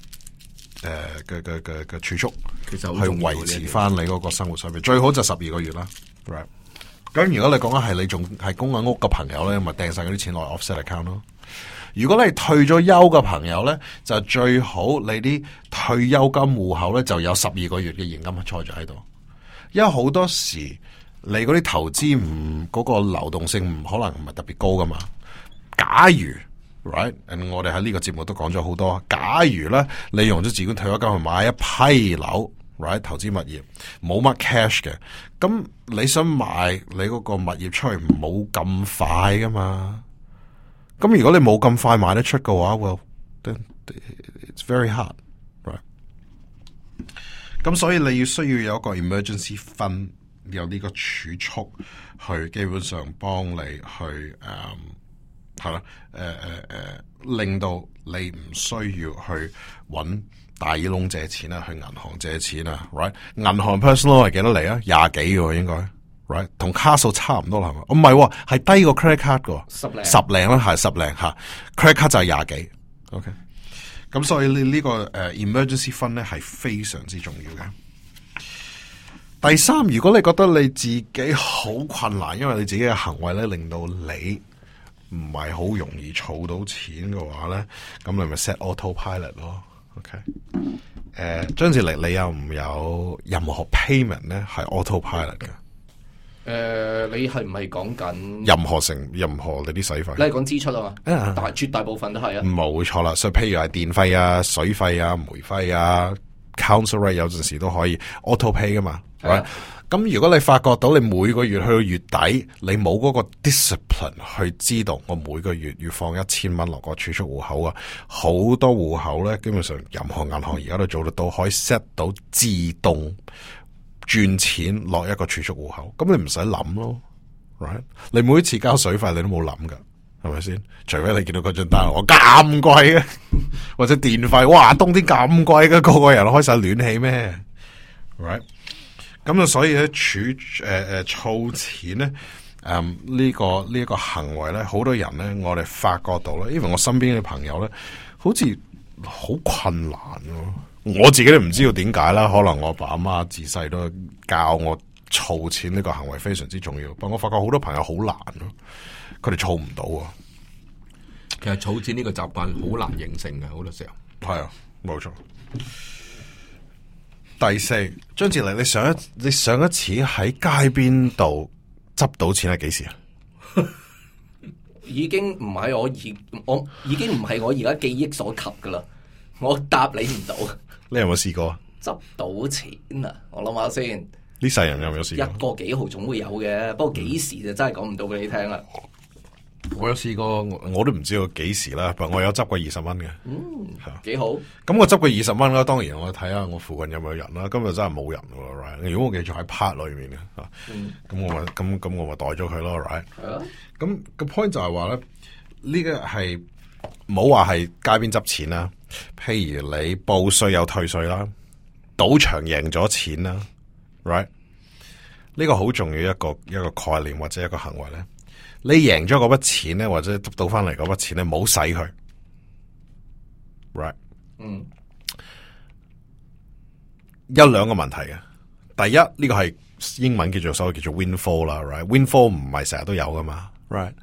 誒嘅嘅嘅儲蓄，其、呃、實去維持翻你嗰個生活水平，嗯、最好就十二個月啦。Right. 咁如果你講緊係你仲係供緊屋嘅朋友咧，咪掟晒嗰啲錢落 offset account 咯。如果你退咗休嘅朋友咧，就最好你啲退休金戶口咧就有十二個月嘅現金坐咗喺度。因為好多時你嗰啲投資唔嗰個流動性唔可能唔係特別高噶嘛。假如，right，我哋喺呢個節目都講咗好多。假如咧，你用咗自己退休金去買一批樓。Right? 投資物業冇乜 cash 嘅，咁、嗯、你想賣你嗰個物業出去冇咁快噶嘛？咁、嗯、如果你冇咁快賣得出嘅話，Well，it's very hard、right? 嗯。咁所以你要需要有一個 emergency fund，有呢個儲蓄去基本上幫你去誒係啦，誒誒誒，uh, uh, uh, 令到你唔需要去揾。大耳窿借錢啊，去銀行借錢啊，right？銀行 personal 係幾、right? 多厘啊？廿幾個應該，right？同卡數差唔多啦係嘛？唔係，係低過 credit card 嘅十零幾，十零啦係十零吓，credit card 就係廿幾，ok。咁所以呢呢、呢個誒、uh, emergency fund 咧係非常之重要嘅。第三，如果你覺得你自己好困難，因為你自己嘅行為咧令到你唔係好容易儲到錢嘅話咧，咁你咪 set autopilot 咯。OK，誒、uh, 張智力，你有唔有任何 payment 咧？係 autopilot 嘅。誒、呃，你係唔係講緊任何成任何你啲使費？你係講支出啊嘛，uh huh. 但係絕大部分都係啊，冇錯啦。所以譬如係電費啊、水費啊、煤費啊。Council rate 有陣時都可以 auto pay 噶嘛，咁、right? Yeah. 如果你發覺到你每個月去到月底，你冇嗰個 discipline 去知道我每個月要放一千蚊落個儲蓄戶口啊，好多戶口咧，基本上任何銀行而家都做得到，可以 set 到自動轉錢落一個儲蓄戶口，咁你唔使諗咯，right？你每次交水費你都冇諗噶。係咪先？除非你見到嗰張單，我咁貴嘅， 或者電費哇，冬天咁貴嘅，個個人開晒暖氣咩咁啊，right? 就所以咧儲誒誒儲錢咧，誒、嗯、呢、呢個呢、呢個行為咧，好多人咧，我哋發覺到咧，因為我身邊嘅朋友咧，好似好困難咯。我自己都唔知道點解啦，可能我爸阿媽自細都教我儲錢呢個行為非常之重要，但係我發覺好多朋友好難咯。佢哋儲唔到啊！其實儲錢呢個習慣好難形成嘅，好多時候係 啊，冇錯。第四，張志玲，你上一你上一次喺街邊度執到錢係幾時啊 ？已經唔係我而我已經唔係我而家記憶所及噶啦，我答你唔到。 你有冇試過執到錢啊？我諗下先。呢世人有冇試過一個幾號總會有嘅，嗯、不過幾時就真係講唔到俾你聽啦。我有試過，我, 我都唔知道幾時啦。不過我有執過二十蚊嘅，吓、嗯啊、幾好。咁、嗯、我執過二十蚊啦，當然我睇下我附近有冇人啦。今日真係冇人喎，right？如果我繼續喺 part 裏面嘅，吓、啊，咁、嗯、我咁咁我咪袋咗佢咯，right？係咯、嗯。咁個 point 就係話咧，呢個係冇話係街邊執錢啦。譬如你報稅有退稅啦，賭場贏咗錢啦，right？呢個好重要一個一個概念或者一個行為咧。你贏咗嗰筆錢咧，或者執到翻嚟嗰筆錢咧，唔好使佢。right，嗯，mm. 有兩個問題嘅。第一，呢、呢個係英文叫做所謂叫做 winfall 啦，right，winfall 唔係成日都有噶嘛，right。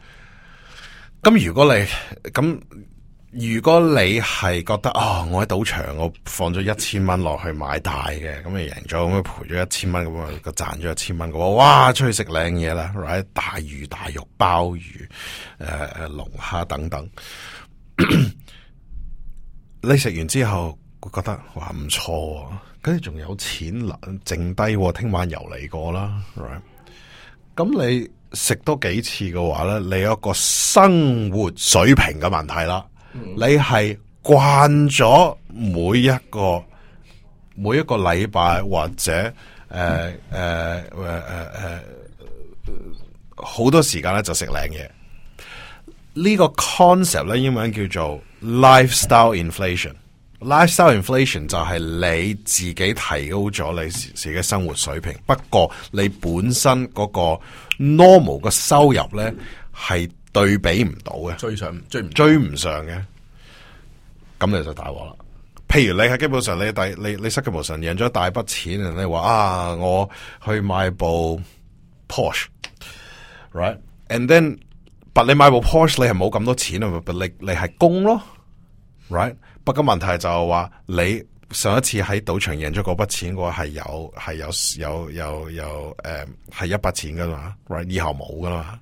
咁如果你咁。如果你係覺得哦，我喺賭場我放咗一千蚊落去買大嘅，咁你贏咗，咁咪賠咗一千蚊，咁啊賺咗一千蚊，我哇出去食靚嘢啦，right 大魚大肉、鮑魚、誒誒龍蝦等等。 你食完之後，會覺得話唔錯、啊，跟住仲有錢剩低，聽晚又嚟過啦 r、right? 咁你食多幾次嘅話咧，你有一個生活水平嘅問題啦。你係慣咗每一個每一個禮拜或者誒誒誒誒誒好多時間咧就食靚嘢。這個、呢個 concept 咧英文叫做 lifestyle inflation。lifestyle inflation 就係你自己提高咗你自己嘅生活水平，不過你本身嗰個 normal 嘅收入咧係。對比唔到嘅，追上追唔追唔上嘅，咁你就大鑊啦。譬如你喺基本上你第你你殺無神贏咗大筆錢，你話啊，我去買部 Porsche，right？and then，but 你買部 Porsche 你係冇咁多錢啊，你你係供咯，right？不過問題就係話你。上一次喺賭場贏咗嗰筆錢嘅話係有係有有有有誒係一筆錢噶嘛，Right 以後冇噶啦，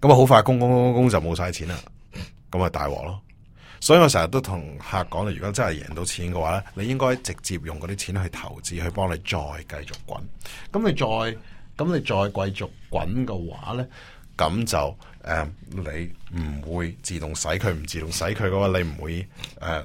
咁啊好快工工工工就冇晒錢啦，咁啊大鑊咯，所以我成日都同客講咧，你如果真係贏到錢嘅話咧，你應該直接用嗰啲錢去投資，去幫你再繼續滾，咁你再咁你再繼續滾嘅話咧，咁就誒、嗯、你唔會自動使佢唔自動使佢嘅話你唔會誒。嗯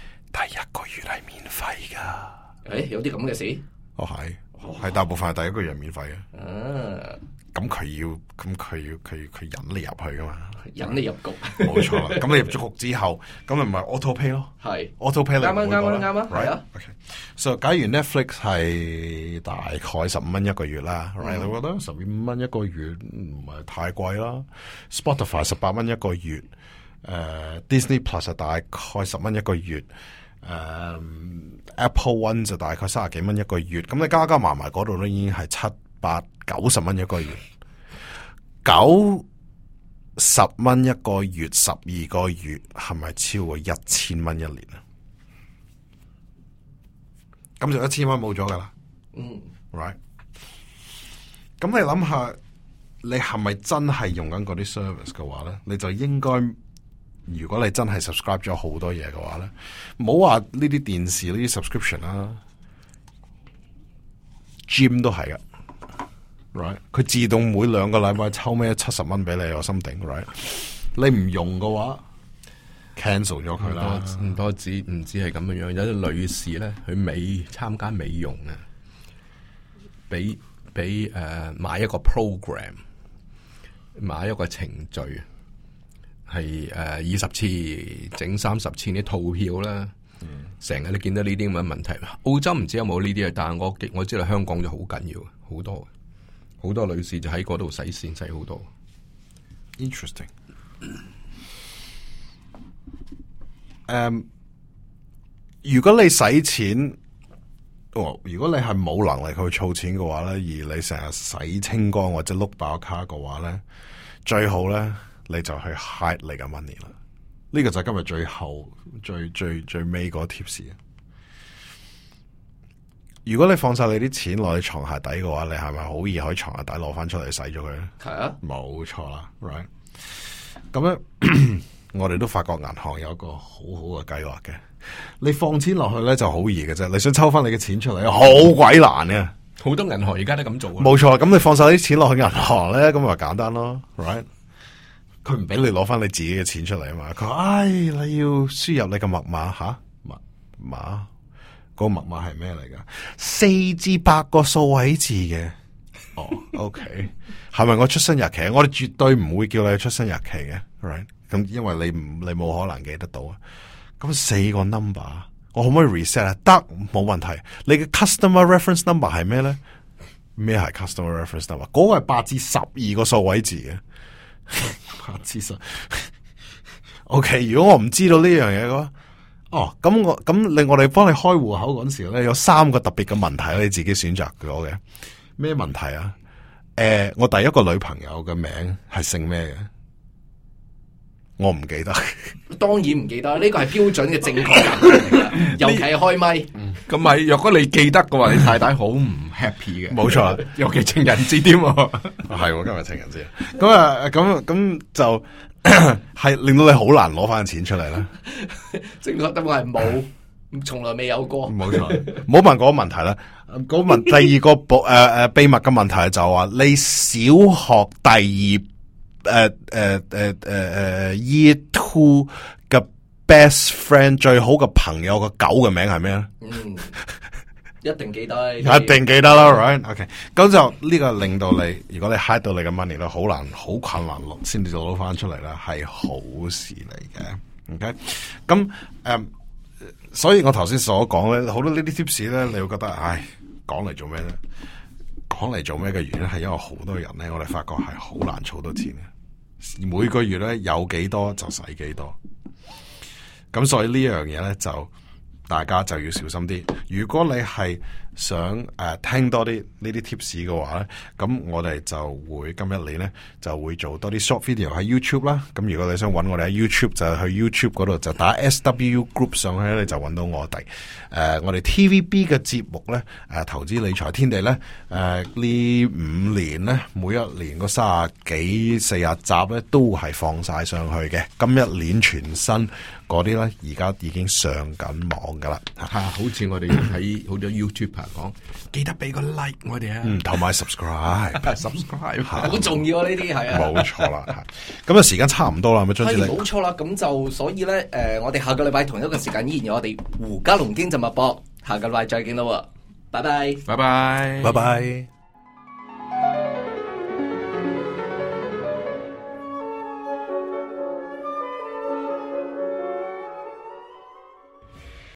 第一個月係免費噶，誒，有啲咁嘅事，哦係，係大部分係第一個月免費嘅，啊，咁佢要，咁佢要，佢佢引你入去噶嘛，引你入局，冇錯啦，咁你入咗局之後，咁咪唔係 auto pay 咯，係 auto pay，啱啊啱啊啱啊，係啊，OK，所以假如 Netflix 係大概十五蚊一個月啦，你覺得十五蚊一個月唔係太貴啦，Spotify 十八蚊一個月。誒、uh，Disney Plus 大概十蚊一個月，誒、uh，Apple One 就大概三十幾蚊一個月，咁你加加埋埋嗰度都已經係七八九十蚊一個月，九十蚊一個月十二個月係咪超過一千蚊一年啊？咁 就 1, 了了、mm. right. 一千蚊冇咗噶啦，嗯，right？咁你諗下，你係咪真係用緊嗰啲 service 嘅話咧，你就應該。如果你真係 subscribe 咗好多嘢嘅話咧，唔好話呢啲電視呢啲 subscription 啦，gym 都係噶，right？佢自動每兩個禮拜抽咩七十蚊俾你，我心定，right？你唔用嘅話，cancel 咗佢啦，唔多止，唔止係咁樣樣。有啲女士咧去美參加美容啊，俾俾誒買一個 program，買一個程序。.係誒二十次整三十次啲套票啦，成日你見到呢啲咁嘅問題。澳洲唔知有冇呢啲啊？但係我我知道香港就好緊要，好多好多女士就喺嗰度洗錢洗好多。interesting。誒，如果你使錢，如果你係冇能力去儲錢嘅話咧，而你成日使清光或者碌爆卡嘅話咧，最好咧。你就去 hide 你嘅 money 啦，呢、這個就今日最後最最最尾嗰 tips 啊！如果你放晒你啲錢落去床下底嘅話，你係咪好易喺床下底攞翻出嚟洗咗佢咧？係啊，冇錯啦，right。咁樣 我哋都發覺銀行有一個好好嘅計劃嘅，你放錢落去咧就好易嘅啫，你想抽翻你嘅錢出嚟，好鬼難啊！好多銀行而家都咁做啊，冇錯。咁你放晒啲錢落去銀行咧，咁咪簡單咯，right。佢唔俾你攞翻你自己嘅錢出嚟啊嘛！佢話唉，你要輸入你嘅密碼吓，啊，密碼，嗰個密碼係咩嚟噶？四至八個數位字嘅。哦，OK，係咪 我出生日期？我哋絕對唔會叫你出生日期嘅，right？咁因為你唔你冇可能記得到啊。咁四個 number，我可唔可以 reset 啊？得，冇問題。你嘅 customer reference number 係咩咧？咩係 customer reference number？嗰個係八至十二個數位字嘅。 其實 ，OK。如果我唔知道呢樣嘢嘅，哦，咁我咁令我哋幫你開戶口嗰陣時候咧，有三個特別嘅問題咧，你自己選擇咗嘅咩問題啊？誒、呃，我第一個女朋友嘅名係姓咩嘅？我唔記，記得，當然唔記得，呢個係標準嘅正確， 尤其係開咪，咁係、嗯，若果你記得嘅話，你太太好唔 happy 嘅。冇錯錯，尤其情人節添，係、啊、 今日情人節。咁啊，咁咁就係令到你好難攞翻錢出嚟啦。正確得我係冇，從 來未有過。冇錯，冇好問嗰、那個問題啦。嗰問 第二個誒誒、呃、秘密嘅問題就話、是、你小學第二。.誒誒誒誒誒 Year Two 嘅 best friend 最好嘅朋友個狗嘅名係咩咧？Mm, 一定記得，一定記得啦，right？OK，咁就呢個令到你，如果你 high 到你嘅 money 咧，好難，好困難先至做到翻出嚟啦，係好事嚟嘅，OK？咁誒，um, 所以我頭先所講咧，好多呢啲 tips 咧，你會覺得，唉，講嚟做咩咧？講嚟做咩嘅原因係因為好多人咧，我哋發覺係好難儲到錢。每個月咧有幾多就使幾多，咁所以呢樣嘢咧就大家就要小心啲。如果你係，想誒、啊、聽多啲呢啲貼士嘅話咧，咁我哋就會今一年咧，就會做多啲 short video 喺 YouTube 啦。咁如果你想揾我哋喺 YouTube，就去 YouTube 嗰度就打 S W Group 上去咧，就揾到我哋。誒、啊，我哋 TVB 嘅節目咧，誒、啊、投資理財天地咧，誒、啊、呢五年咧，每一年嗰三十幾四十集咧，都係放晒上去嘅。今一年全新嗰啲咧，而家已經上緊網噶啦，嚇、啊！好似我哋喺 好多 YouTube。講記得俾個 like 我哋啊，嗯，同埋 subscribe，subscribe 好重要啊，呢啲係啊，冇錯啦，咁啊時間差唔多啦，係咪？係，冇錯啦，咁就所以咧，誒、呃，我哋下個禮拜同一個時間依然有我哋胡嘉龍經濟脈搏，下個禮拜再見啦，喎，拜拜，拜拜，拜拜。